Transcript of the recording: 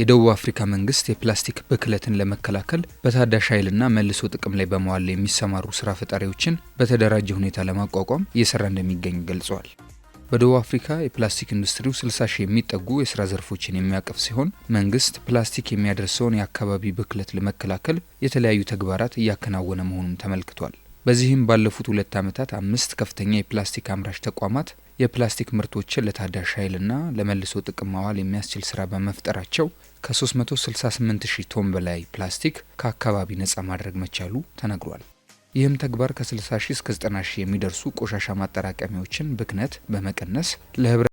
የደቡብ አፍሪካ መንግስት የፕላስቲክ ብክለትን ለመከላከል በታዳሽ ኃይልና መልሶ ጥቅም ላይ በመዋል የሚሰማሩ ስራ ፈጣሪዎችን በተደራጀ ሁኔታ ለማቋቋም እየሰራ እንደሚገኝ ገልጸዋል። በደቡብ አፍሪካ የፕላስቲክ ኢንዱስትሪው 60 ሺህ የሚጠጉ የስራ ዘርፎችን የሚያቀፍ ሲሆን መንግስት ፕላስቲክ የሚያደርሰውን የአካባቢ ብክለት ለመከላከል የተለያዩ ተግባራት እያከናወነ መሆኑም ተመልክቷል። በዚህም ባለፉት ሁለት ዓመታት አምስት ከፍተኛ የፕላስቲክ አምራች ተቋማት የፕላስቲክ ምርቶችን ለታዳሽ ኃይልና ለመልሶ ጥቅም ማዋል የሚያስችል ስራ በመፍጠራቸው ከ368 ሺህ ቶን በላይ ፕላስቲክ ከአካባቢ ነፃ ማድረግ መቻሉ ተነግሯል። ይህም ተግባር ከ60 ሺህ እስከ 90 ሺህ የሚደርሱ ቆሻሻ ማጠራቀሚያዎችን ብክነት በመቀነስ ለህብረ